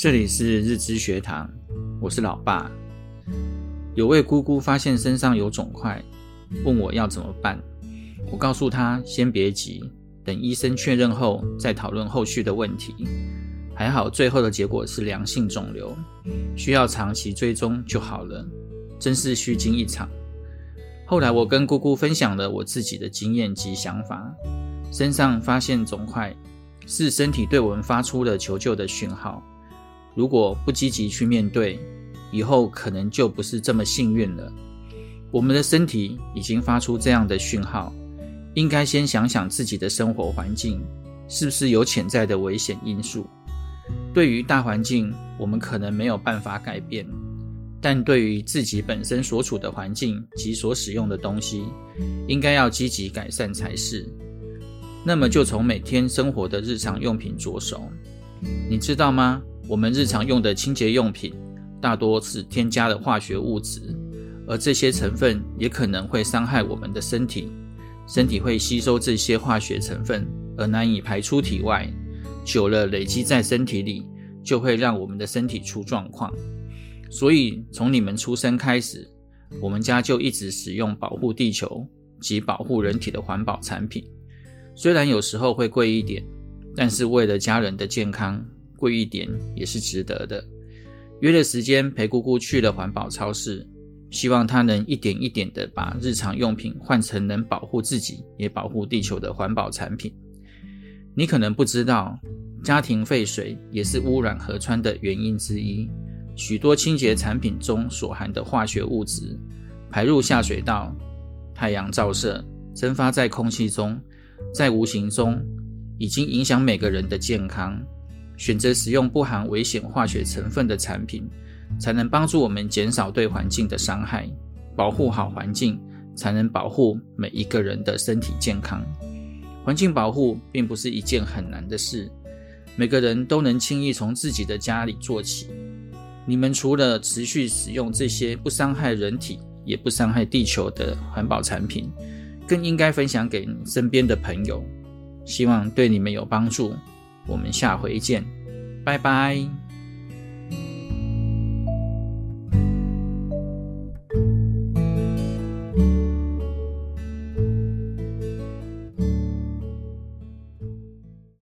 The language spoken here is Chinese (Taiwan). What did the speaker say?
這裡是日知學堂，我是老爸。有位姑姑發現身上有腫塊，問我要怎麼辦。我告訴她先別急，等醫生確認後再討論後續的問題。還好最後的結果是良性腫瘤，需要長期追蹤就好了，真是虛驚一場。後來我跟姑姑分享了我自己的經驗及想法：身上發現腫塊是身體對我們發出了求救的訊號。如果不積極去面對，以後可能就不是這麼幸運了。我們的身體已經發出這樣的訊號，應該先想想自己的生活環境是不是有潛在的危險因素。對於大環境，我們可能沒有辦法改變，但對於自己本身所處的環境及所使用的東西，應該要積極改善才是。那麼，就從每天生活的日常用品着手。你知道嗎？我們日常用的清潔用品大多是添加了化學物質，而這些成分也可能會傷害我們的身體。身體會吸收這些化學成分，而難以排出體外，久了累積在身體裡，就會讓我們的身體出狀況。所以，從你們出生開始，我們家就一直使用保護地球及保護人體的環保產品。雖然有時候會貴一點，但是為了家人的健康。貴一點也是值得的。約了時間陪姑姑去了環保超市，希望她能一點一點的把日常用品換成能保護自己也保護地球的環保產品。你可能不知道，家庭廢水也是汙染河川的原因之一。許多清潔產品中所含的化學物質排入下水道，太陽照射蒸發在空氣中，在無形中已經影響每個人的健康。選擇使用不含危險化學成分的產品，才能幫助我們減少對環境的傷害，保護好環境，才能保護每一個人的身體健康。環境保護並不是一件很難的事，每個人都能輕易從自己的家裡做起。你們除了持續使用這些不傷害人體，也不傷害地球的環保產品，更應該分享給身邊的朋友。希望對你們有幫助，我們下回見。拜拜。